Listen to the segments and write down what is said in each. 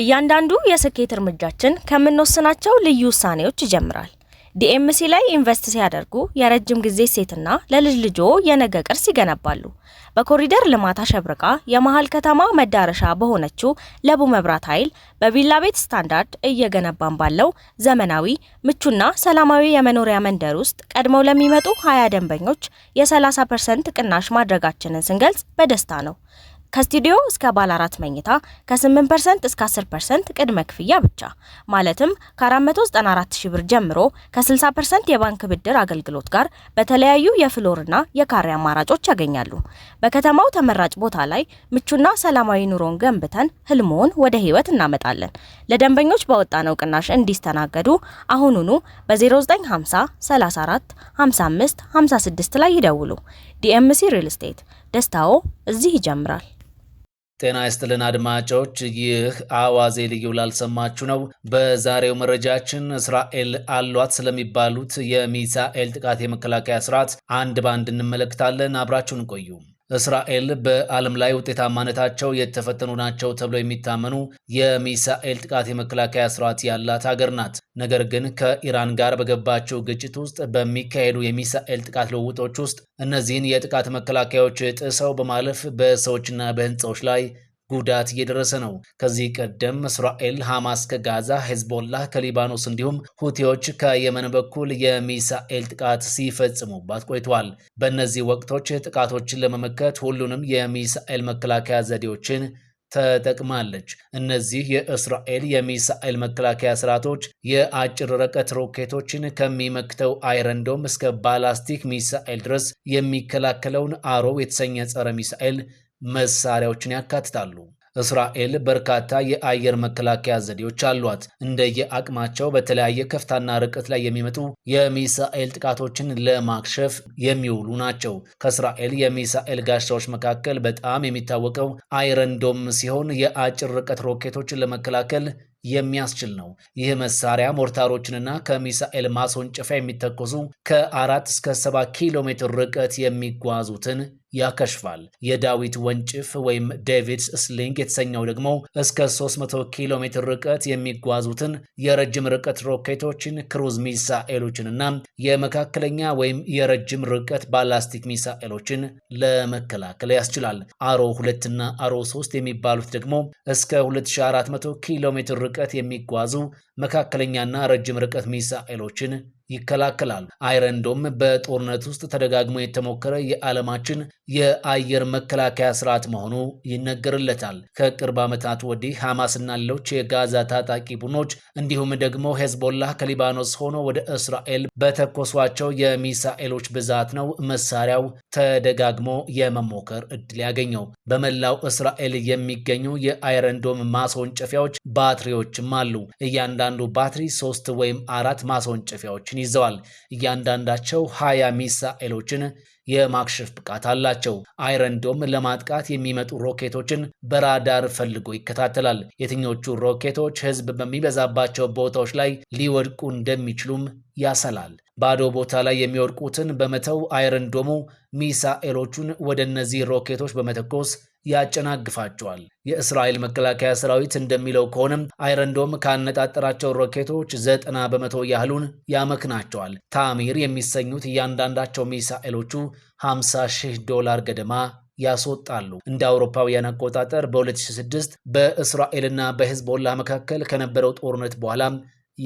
እያንዳንዱ የስኬት እርምጃችን ከምንወስናቸው ልዩ ውሳኔዎች ይጀምራል። ዲኤምሲ ላይ ኢንቨስት ሲያደርጉ የረጅም ጊዜ ሴትና ለልጅ ልጆ የነገ ቅርስ ይገነባሉ። በኮሪደር ልማት አሸብርቃ የመሀል ከተማ መዳረሻ በሆነችው ለቡ መብራት ኃይል በቪላ ቤት ስታንዳርድ እየገነባን ባለው ዘመናዊ ምቹና ሰላማዊ የመኖሪያ መንደር ውስጥ ቀድመው ለሚመጡ ሀያ ደንበኞች የ30 ፐርሰንት ቅናሽ ማድረጋችንን ስንገልጽ በደስታ ነው። ከስቱዲዮ እስከ ባለ አራት መኝታ ከ8 እስከ 10 ቅድመ ክፍያ ብቻ ማለትም ከ 494000 ብር ጀምሮ ከ60 የባንክ ብድር አገልግሎት ጋር በተለያዩ የፍሎርና የካሬ አማራጮች ያገኛሉ። በከተማው ተመራጭ ቦታ ላይ ምቹና ሰላማዊ ኑሮን ገንብተን ህልሞን ወደ ህይወት እናመጣለን። ለደንበኞች በወጣነው ቅናሽ እንዲስተናገዱ አሁኑኑ በ0950 34 55 56 ላይ ይደውሉ። ዲኤምሲ ሪል ስቴት ደስታዎ እዚህ ይጀምራል። ጤና ይስጥልን አድማጮች፣ ይህ አዋዜ ልዩ ላልሰማችሁ ነው። በዛሬው መረጃችን እስራኤል አሏት ስለሚባሉት የሚሳኤል ጥቃት የመከላከያ ስርዓት አንድ በአንድ እንመለከታለን። አብራችሁን ቆዩ። እስራኤል በዓለም ላይ ውጤታማነታቸው የተፈተኑ ናቸው ተብለው የሚታመኑ የሚሳኤል ጥቃት የመከላከያ ስርዓት ያላት ሀገር ናት። ነገር ግን ከኢራን ጋር በገባቸው ግጭት ውስጥ በሚካሄዱ የሚሳኤል ጥቃት ልውውጦች ውስጥ እነዚህን የጥቃት መከላከያዎች ጥሰው በማለፍ በሰዎችና በህንፃዎች ላይ ጉዳት እየደረሰ ነው። ከዚህ ቀደም እስራኤል ሐማስ ከጋዛ፣ ሄዝቦላ ከሊባኖስ እንዲሁም ሁቲዎች ከየመን በኩል የሚሳኤል ጥቃት ሲፈጽሙባት ቆይተዋል። በእነዚህ ወቅቶች ጥቃቶችን ለመመከት ሁሉንም የሚሳኤል መከላከያ ዘዴዎችን ተጠቅማለች። እነዚህ የእስራኤል የሚሳኤል መከላከያ ስርዓቶች የአጭር ርቀት ሮኬቶችን ከሚመክተው አይረንዶም እስከ ባላስቲክ ሚሳኤል ድረስ የሚከላከለውን አሮብ የተሰኘ ጸረ ሚሳኤል መሳሪያዎችን ያካትታሉ። እስራኤል በርካታ የአየር መከላከያ ዘዴዎች አሏት። እንደየአቅማቸው በተለያየ ከፍታና ርቀት ላይ የሚመጡ የሚሳኤል ጥቃቶችን ለማክሸፍ የሚውሉ ናቸው። ከእስራኤል የሚሳኤል ጋሻዎች መካከል በጣም የሚታወቀው አይረንዶም ሲሆን የአጭር ርቀት ሮኬቶችን ለመከላከል የሚያስችል ነው። ይህ መሳሪያ ሞርታሮችንና ከሚሳኤል ማስወንጨፊያ የሚተኮሱ ከአራት እስከ ሰባት ኪሎ ሜትር ርቀት የሚጓዙትን ያከሽፋል። የዳዊት ወንጭፍ ወይም ዴቪድስ ስሊንግ የተሰኘው ደግሞ እስከ 300 ኪሎ ሜትር ርቀት የሚጓዙትን የረጅም ርቀት ሮኬቶችን፣ ክሩዝ ሚሳኤሎችን እና የመካከለኛ ወይም የረጅም ርቀት ባላስቲክ ሚሳኤሎችን ለመከላከል ያስችላል። አሮ 2 አሮ 3 የሚባሉት ደግሞ እስከ 2400 ኪሎ ሜትር ርቀት የሚጓዙ መካከለኛና ረጅም ርቀት ሚሳኤሎችን ይከላከላል። አይረንዶም በጦርነት ውስጥ ተደጋግሞ የተሞከረ የዓለማችን የአየር መከላከያ ስርዓት መሆኑ ይነገርለታል። ከቅርብ ዓመታት ወዲህ ሐማስና ሌሎች የጋዛ ታጣቂ ቡድኖች እንዲሁም ደግሞ ሄዝቦላህ ከሊባኖስ ሆኖ ወደ እስራኤል በተኮሷቸው የሚሳኤሎች ብዛት ነው መሳሪያው ተደጋግሞ የመሞከር እድል ያገኘው። በመላው እስራኤል የሚገኙ የአይረንዶም ማስወንጨፊያዎች ባትሪዎችም አሉ። እያንዳንዱ ባትሪ ሶስት ወይም አራት ማስወንጨፊያዎች ሚሳኤሎችን ይዘዋል። እያንዳንዳቸው ሀያ ሚሳኤሎችን የማክሸፍ ብቃት አላቸው። አይረንዶም ለማጥቃት የሚመጡ ሮኬቶችን በራዳር ፈልጎ ይከታተላል። የትኞቹ ሮኬቶች ህዝብ በሚበዛባቸው ቦታዎች ላይ ሊወድቁ እንደሚችሉም ያሰላል። ባዶ ቦታ ላይ የሚወድቁትን በመተው አይረንዶሙ ሚሳኤሎቹን ወደ እነዚህ ሮኬቶች በመተኮስ ያጨናግፋቸዋል። የእስራኤል መከላከያ ሰራዊት እንደሚለው ከሆነም አይረንዶም ካነጣጠራቸው ሮኬቶች ዘጠና በመቶ ያህሉን ያመክናቸዋል። ታሚር የሚሰኙት እያንዳንዳቸው ሚሳኤሎቹ 50 ሺህ ዶላር ገደማ ያስወጣሉ። እንደ አውሮፓውያን አቆጣጠር በ2006 በእስራኤልና በህዝቦላ መካከል ከነበረው ጦርነት በኋላ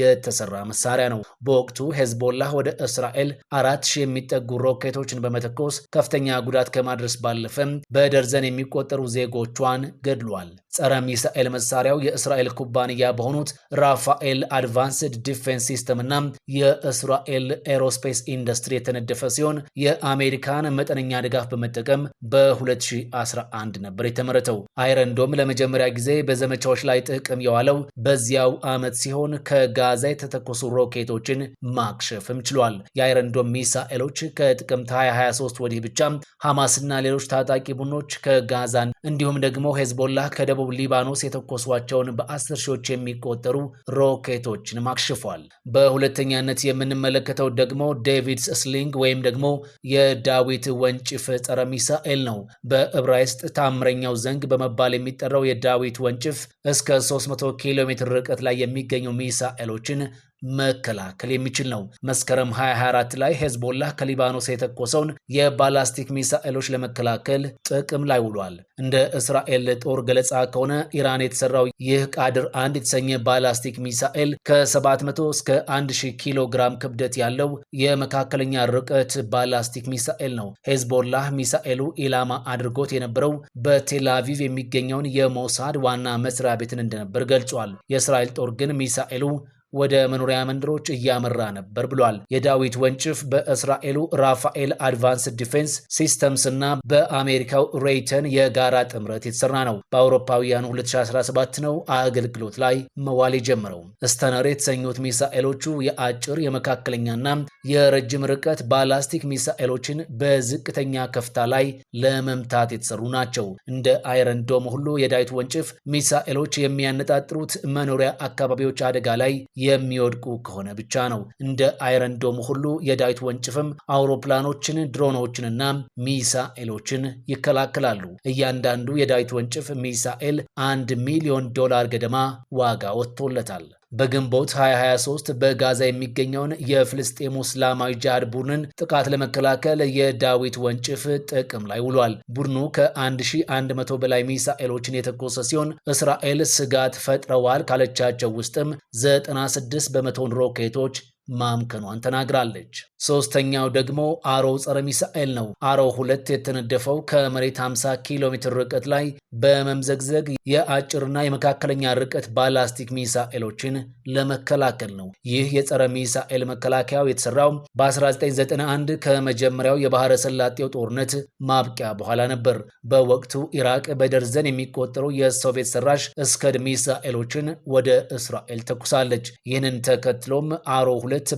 የተሰራ መሳሪያ ነው። በወቅቱ ሄዝቦላህ ወደ እስራኤል አራት ሺህ የሚጠጉ ሮኬቶችን በመተኮስ ከፍተኛ ጉዳት ከማድረስ ባለፈም በደርዘን የሚቆጠሩ ዜጎቿን ገድሏል። ጸረ ሚሳኤል መሳሪያው የእስራኤል ኩባንያ በሆኑት ራፋኤል አድቫንስድ ዲፌንስ ሲስተም እና የእስራኤል ኤሮስፔስ ኢንዱስትሪ የተነደፈ ሲሆን የአሜሪካን መጠነኛ ድጋፍ በመጠቀም በ2011 ነበር የተመረተው። አይረንዶም ለመጀመሪያ ጊዜ በዘመቻዎች ላይ ጥቅም የዋለው በዚያው ዓመት ሲሆን ከ ከጋዛ የተተኮሱ ሮኬቶችን ማክሸፍም ችሏል። የአይረንዶም ሚሳኤሎች ከጥቅምት 2023 ወዲህ ብቻ ሐማስና ሌሎች ታጣቂ ቡድኖች ከጋዛን እንዲሁም ደግሞ ሄዝቦላህ ከደቡብ ሊባኖስ የተኮሷቸውን በአስር ሺዎች የሚቆጠሩ ሮኬቶችን አክሽፏል። በሁለተኛነት የምንመለከተው ደግሞ ዴቪድ ስሊንግ ወይም ደግሞ የዳዊት ወንጭፍ ጸረ ሚሳኤል ነው። በዕብራይስጥ ታምረኛው ዘንግ በመባል የሚጠራው የዳዊት ወንጭፍ እስከ 300 ኪሎ ሜትር ርቀት ላይ የሚገኙ ሚሳኤሎችን መከላከል የሚችል ነው። መስከረም 2024 ላይ ሄዝቦላህ ከሊባኖስ የተኮሰውን የባላስቲክ ሚሳኤሎች ለመከላከል ጥቅም ላይ ውሏል። እንደ እስራኤል ጦር ገለጻ ከሆነ ኢራን የተሰራው ይህ ቃድር አንድ የተሰኘ ባላስቲክ ሚሳኤል ከ700 እስከ 1000 ኪሎ ግራም ክብደት ያለው የመካከለኛ ርቀት ባላስቲክ ሚሳኤል ነው። ሄዝቦላህ ሚሳኤሉ ኢላማ አድርጎት የነበረው በቴላቪቭ የሚገኘውን የሞሳድ ዋና መስሪያ ቤትን እንደነበር ገልጿል። የእስራኤል ጦር ግን ሚሳኤሉ ወደ መኖሪያ መንደሮች እያመራ ነበር ብሏል። የዳዊት ወንጭፍ በእስራኤሉ ራፋኤል አድቫንስ ዲፌንስ ሲስተምስ እና በአሜሪካው ሬይተን የጋራ ጥምረት የተሰራ ነው። በአውሮፓውያኑ 2017 ነው አገልግሎት ላይ መዋል የጀመረው። ስተነር የተሰኙት ሚሳኤሎቹ የአጭር የመካከለኛና የረጅም ርቀት ባላስቲክ ሚሳኤሎችን በዝቅተኛ ከፍታ ላይ ለመምታት የተሰሩ ናቸው። እንደ አይረን ዶም ሁሉ የዳዊት ወንጭፍ ሚሳኤሎች የሚያነጣጥሩት መኖሪያ አካባቢዎች አደጋ ላይ የሚወድቁ ከሆነ ብቻ ነው። እንደ አይረንዶም ሁሉ የዳዊት ወንጭፍም አውሮፕላኖችን፣ ድሮኖችንና ሚሳኤሎችን ይከላከላሉ። እያንዳንዱ የዳዊት ወንጭፍ ሚሳኤል አንድ ሚሊዮን ዶላር ገደማ ዋጋ ወጥቶለታል። በግንቦት 2023 በጋዛ የሚገኘውን የፍልስጤሙ እስላማዊ ጅሃድ ቡድንን ጥቃት ለመከላከል የዳዊት ወንጭፍ ጥቅም ላይ ውሏል። ቡድኑ ከ1100 በላይ ሚሳኤሎችን የተኮሰ ሲሆን እስራኤል ስጋት ፈጥረዋል ካለቻቸው ውስጥም 96 በመቶን ሮኬቶች ማምከኗን ተናግራለች። ሶስተኛው ደግሞ አሮ ጸረ ሚሳኤል ነው። አሮ ሁለት የተነደፈው ከመሬት 50 ኪሎ ሜትር ርቀት ላይ በመምዘግዘግ የአጭርና የመካከለኛ ርቀት ባላስቲክ ሚሳኤሎችን ለመከላከል ነው። ይህ የጸረ ሚሳኤል መከላከያው የተሰራው በ1991 ከመጀመሪያው የባህረ ሰላጤው ጦርነት ማብቂያ በኋላ ነበር። በወቅቱ ኢራቅ በደርዘን የሚቆጠሩ የሶቪየት ሰራሽ እስከድ ሚሳኤሎችን ወደ እስራኤል ተኩሳለች። ይህንን ተከትሎም አሮ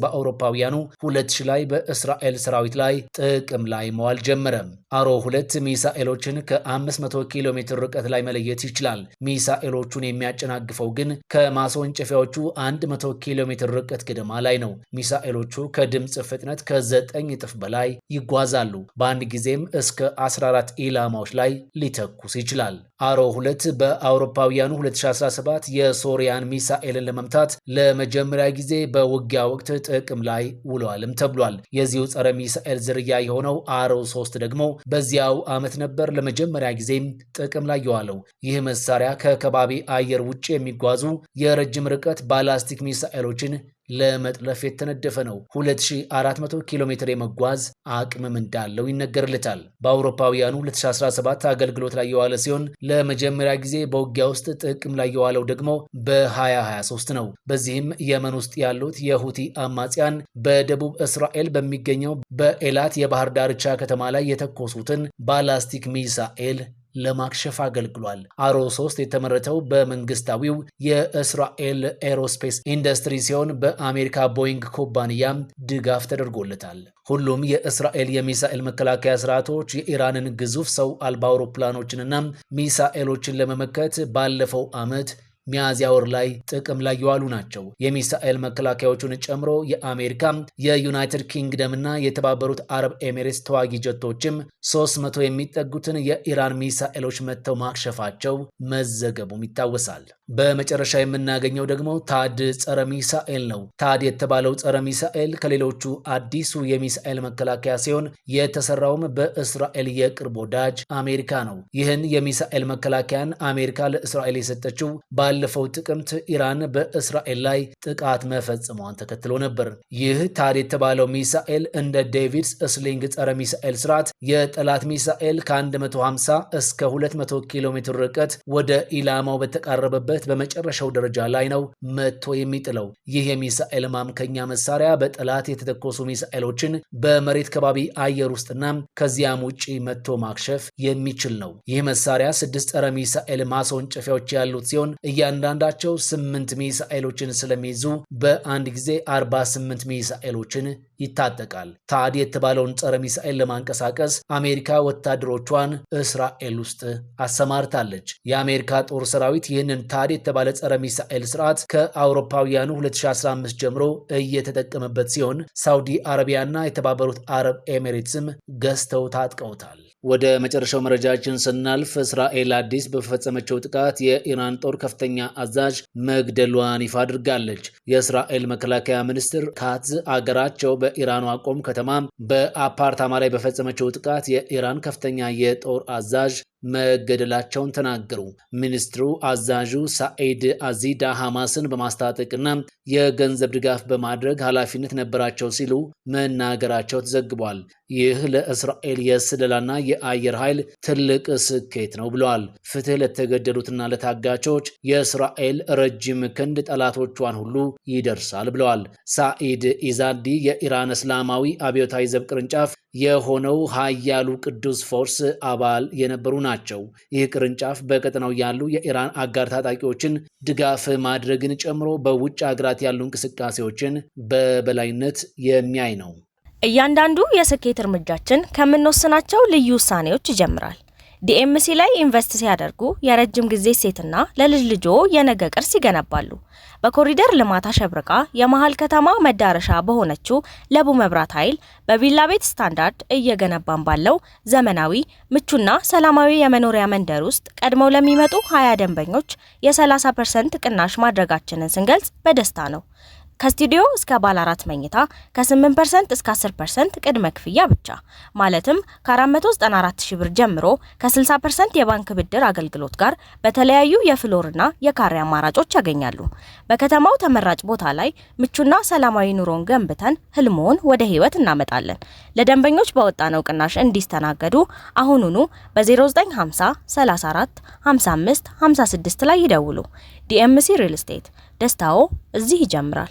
በአውሮፓውያኑ ሁለት ሺ ላይ በእስራኤል ሰራዊት ላይ ጥቅም ላይ መዋል ጀመረ። አሮ ሁለት ሚሳኤሎችን ከ500 ኪሎ ሜትር ርቀት ላይ መለየት ይችላል። ሚሳኤሎቹን የሚያጨናግፈው ግን ከማስወንጨፊያዎቹ 100 ኪሎ ሜትር ርቀት ገደማ ላይ ነው። ሚሳኤሎቹ ከድምፅ ፍጥነት ከ9 እጥፍ በላይ ይጓዛሉ። በአንድ ጊዜም እስከ 14 ኢላማዎች ላይ ሊተኩስ ይችላል። አሮ ሁለት በአውሮፓውያኑ 2017 የሶሪያን ሚሳኤልን ለመምታት ለመጀመሪያ ጊዜ በውጊያ ወቅት ጥቅም ላይ ውለዋልም ተብሏል። የዚሁ ጸረ ሚሳኤል ዝርያ የሆነው አሮ ሶስት ደግሞ በዚያው ዓመት ነበር ለመጀመሪያ ጊዜም ጥቅም ላይ የዋለው። ይህ መሳሪያ ከከባቢ አየር ውጭ የሚጓዙ የረጅም ርቀት ባላስቲክ ሚሳኤሎችን ለመጥለፍ የተነደፈ ነው። 2400 ኪሎ ሜትር የመጓዝ አቅምም እንዳለው ይነገርለታል። በአውሮፓውያኑ 2017 አገልግሎት ላይ የዋለ ሲሆን ለመጀመሪያ ጊዜ በውጊያ ውስጥ ጥቅም ላይ የዋለው ደግሞ በ2023 ነው። በዚህም የመን ውስጥ ያሉት የሁቲ አማጽያን በደቡብ እስራኤል በሚገኘው በኤላት የባህር ዳርቻ ከተማ ላይ የተኮሱትን ባላስቲክ ሚሳኤል ለማክሸፍ አገልግሏል። አሮ 3 የተመረተው በመንግስታዊው የእስራኤል ኤሮስፔስ ኢንዱስትሪ ሲሆን በአሜሪካ ቦይንግ ኩባንያም ድጋፍ ተደርጎለታል። ሁሉም የእስራኤል የሚሳኤል መከላከያ ስርዓቶች የኢራንን ግዙፍ ሰው አልባ አውሮፕላኖችንና ሚሳኤሎችን ለመመከት ባለፈው ዓመት ሚያዝያ ወር ላይ ጥቅም ላይ የዋሉ ናቸው። የሚሳኤል መከላከያዎቹን ጨምሮ የአሜሪካ የዩናይትድ ኪንግደም እና የተባበሩት አረብ ኤሚሬትስ ተዋጊ ጀቶችም 300 የሚጠጉትን የኢራን ሚሳኤሎች መጥተው ማክሸፋቸው መዘገቡም ይታወሳል። በመጨረሻ የምናገኘው ደግሞ ታድ ጸረ ሚሳኤል ነው። ታድ የተባለው ጸረ ሚሳኤል ከሌሎቹ አዲሱ የሚሳኤል መከላከያ ሲሆን የተሰራውም በእስራኤል የቅርብ ወዳጅ አሜሪካ ነው። ይህን የሚሳኤል መከላከያን አሜሪካ ለእስራኤል የሰጠችው ባለ ባለፈው ጥቅምት ኢራን በእስራኤል ላይ ጥቃት መፈጽሟን ተከትሎ ነበር። ይህ ታድ የተባለው ሚሳኤል እንደ ዴቪድስ ስሊንግ ጸረ ሚሳኤል ስርዓት የጠላት ሚሳኤል ከ150 እስከ 200 ኪሎ ሜትር ርቀት ወደ ኢላማው በተቃረበበት በመጨረሻው ደረጃ ላይ ነው መጥቶ የሚጥለው። ይህ የሚሳኤል ማምከኛ መሳሪያ በጠላት የተተኮሱ ሚሳኤሎችን በመሬት ከባቢ አየር ውስጥና ከዚያም ውጭ መጥቶ ማክሸፍ የሚችል ነው። ይህ መሳሪያ ስድስት ጸረ ሚሳኤል ማስወንጨፊያዎች ያሉት ሲሆን እያ እያንዳንዳቸው ስምንት ሚሳኤሎችን ስለሚይዙ በአንድ ጊዜ አርባ ሚሳኤሎችን ይታጠቃል። ታድ የተባለውን ጸረ ሚሳኤል ለማንቀሳቀስ አሜሪካ ወታደሮቿን እስራኤል ውስጥ አሰማርታለች። የአሜሪካ ጦር ሰራዊት ይህንን ታድ የተባለ ጸረ ሚሳኤል ስርዓት ከአውሮፓውያኑ 2015 ጀምሮ እየተጠቀመበት ሲሆን ሳውዲ አረቢያና የተባበሩት አረብ ኤሚሬትስም ገዝተው ታጥቀውታል። ወደ መጨረሻው መረጃችን ስናልፍ እስራኤል አዲስ በፈጸመችው ጥቃት የኢራን ጦር ከፍተኛ አዛዥ መግደሏን ይፋ አድርጋለች። የእስራኤል መከላከያ ሚኒስትር ካትዝ አገራቸው በኢራኗ ቆም ከተማ በአፓርታማ ላይ በፈጸመችው ጥቃት የኢራን ከፍተኛ የጦር አዛዥ መገደላቸውን ተናገሩ። ሚኒስትሩ አዛዡ ሳኤድ አዚዳ ሐማስን በማስታጠቅና የገንዘብ ድጋፍ በማድረግ ኃላፊነት ነበራቸው ሲሉ መናገራቸው ተዘግቧል። ይህ ለእስራኤል የስለላና የአየር ኃይል ትልቅ ስኬት ነው ብለዋል። ፍትህ ለተገደሉትና ለታጋቾች የእስራኤል ረጅም ክንድ ጠላቶቿን ሁሉ ይደርሳል ብለዋል። ሳኢድ ኢዛዲ የኢራን እስላማዊ አብዮታዊ ዘብ ቅርንጫፍ የሆነው ሀያሉ ቅዱስ ፎርስ አባል የነበሩ ናቸው። ይህ ቅርንጫፍ በቀጠናው ያሉ የኢራን አጋር ታጣቂዎችን ድጋፍ ማድረግን ጨምሮ በውጭ ሀገራት ያሉ እንቅስቃሴዎችን በበላይነት የሚያይ ነው። እያንዳንዱ የስኬት እርምጃችን ከምንወስናቸው ልዩ ውሳኔዎች ይጀምራል። ዲኤምሲ ላይ ኢንቨስት ሲያደርጉ የረጅም ጊዜ ሴትና ለልጅ ልጆ የነገ ቅርስ ይገነባሉ። በኮሪደር ልማት አሸብርቃ የመሀል ከተማ መዳረሻ በሆነችው ለቡ መብራት ኃይል በቪላ ቤት ስታንዳርድ እየገነባን ባለው ዘመናዊ ምቹና ሰላማዊ የመኖሪያ መንደር ውስጥ ቀድመው ለሚመጡ ሀያ ደንበኞች የ30 ፐርሰንት ቅናሽ ማድረጋችንን ስንገልጽ በደስታ ነው። ከስቱዲዮ እስከ ባለ አራት መኝታ ከ8% እስከ 10% ቅድመ ክፍያ ብቻ ማለትም ከ494 ሺ ብር ጀምሮ ከ60% የባንክ ብድር አገልግሎት ጋር በተለያዩ የፍሎርና የካሬ አማራጮች ያገኛሉ። በከተማው ተመራጭ ቦታ ላይ ምቹና ሰላማዊ ኑሮን ገንብተን ህልሞን ወደ ህይወት እናመጣለን። ለደንበኞች በወጣነው ቅናሽ እንዲስተናገዱ አሁኑኑ በ0950 34 55 56 ላይ ይደውሉ። ዲኤምሲ ሪል ስቴት ደስታዎ እዚህ ይጀምራል።